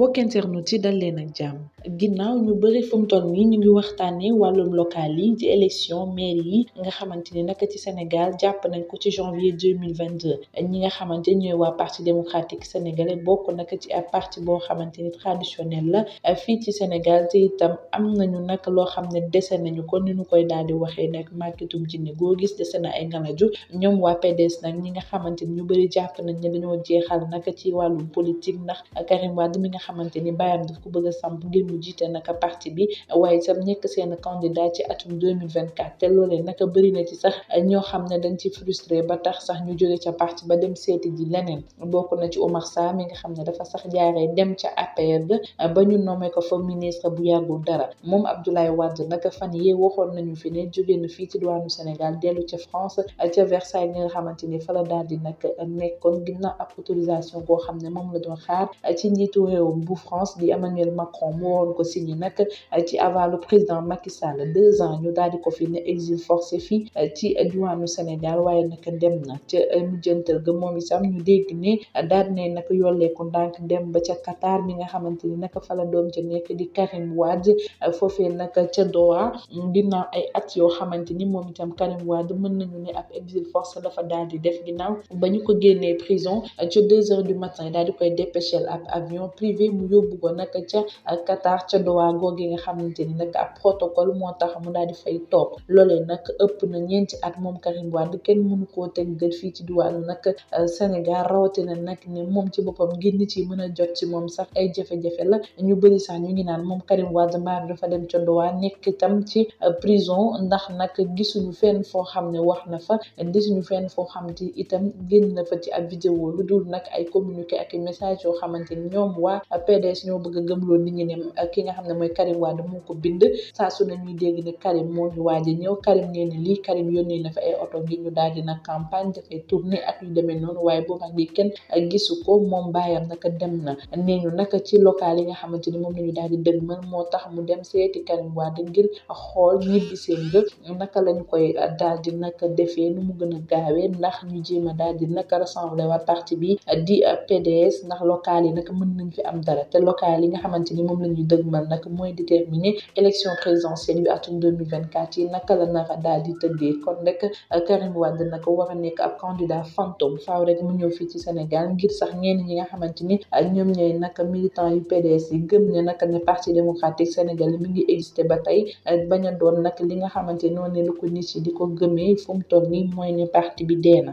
mbokk internet yi dal leen ak jàmm ginnaaw ñu bëri fu mu toll nii ñu ngi waxtaanee wàllum local yi ci élection maire yi nga xamante ni naka ci Sénégal jàpp nañ ko ci janvier deux mille vingt deux ñi nga xamante ñooy waa parti démocratique sénégalais bokk naka ci a parti boo xamante ni traditionnel la euh, fii ci Sénégal te itam am nañu nag loo xam ne dese nañu ko ni ñu koy daal di waxee nag màggitum jinne goo gis dese na ay ngalaju ñoom waa PDS nag ñi nga xamante ni ñu bëri jàpp nañ ne dañoo jeexal naka ci wàllum politique ndax Karim Wade mi nga xamante ni bàyyam daf ko bëgg a samp ngir mu jiite naka parti bi waaye itam nekk na ci sax ñoo xam ne dañ ci frustré ba tax sax ñu jóge ca parti ba dem seeti ji leneen bokk na ci Oumar Sarr mi nga xam ne dafa sax jaaree dem ca APR ba ñu nommé ko fa ministre bu yàggul dara moom Abdoulaye Wade naka fan yee waxoon nañu fi ne jóge na fii ci diwaanu Sénégal dellu ca France ca Versailles nga xamante ni fa dal daal di nag nekkoon na ab autorisation koo xam ne moom la doon xaar ci njiitu réew bu France di Emmanuel Macron mu waroon ko signé nag ci avalu président Macky Sall deux ans ñu daal di ko fi ne exil forcé fii ci diwaanu Sénégal waaye nag dem na ca mujjantal ga moom itam ñu dégg ne daal di ne nag yolleeku ndànk dem ba ca Qatar mi nga xamante ni nag fa doom ca nekk di Karim Wade foofee nag ca Doha ginnaaw ay at yoo xamante ni moom itam Karim Wade mën nañu ne ab exil forcé dafa daal di def ginnaaw ba ñu ko génnee prison ca deux heures du matin daal di koy dépêcher ab avion privé bi mu yóbbu ko nag ca Qatar ca Doha googu nga xamante ni nag ab protocole moo tax mu daal di fay toog loolee nag ëpp na ñeenti at moom Karim waa kenn mënu koo teg gët fii ci diwaanu nag euh, Sénégal rawatina nag ne moom ci boppam ngir nit yi mën a jot ci moom sax ay jafe la ñu bëri sax ñu ngi naan moom Karim Wade maar dafa dem ca Doha nekk itam ci euh, prison ndax nag gisuñu fenn foo xam ne wax na fa gisuñu fenn foo xam te itam génn na fa ci ab vidéo lu dul nag ay communiqué ak message yoo xamante ni ñoom waa PDS ñoo bëgg a gëmloo nit ñi ne eh, ki nga xam ne mooy Karim Wade moo ko bind saa su ne ñuy dégg ne Karim moo ngi waaj a ñëw Karim nee na lii Karim ay oto ñu daal di nag campagne def ay yu demee noonu waaye boobu ak kenn eh, gisu ko moom baayam naka dem na nee naka ci local yi nga xamante ni moom la ñu daal di mën moo tax mu dem seeti Karim Wade ngir xool ñibbi seen dëkk naka lañ koy eh, daal di naka defee nu mu gën a gaawee ndax ñu jéem a daal di naka rassembler waa parti bi di PDS ndax local yi naka mën nañ fi am am dara te local yi nga xamante ni moom la ñuy dëgmal nag mooy déterminer élection présidentielle yu atum 2024 yi naka la nara dal di tëddee kon rek Karim Wade nag war a nekk ak candidat fantôme faaw rek mu ñëw fii ci Sénégal ngir sax ngeen ñi nga xamante ni ah, ñoom ñooy nag militant yu PDS yi gëm ne nag ne parti démocratique sénégalais mi ngi existé ba tey ah, bañ a doon nag li nga xamante noonu ne ko nit yi di ko gëmee fu mu mooy ne parti bi dee na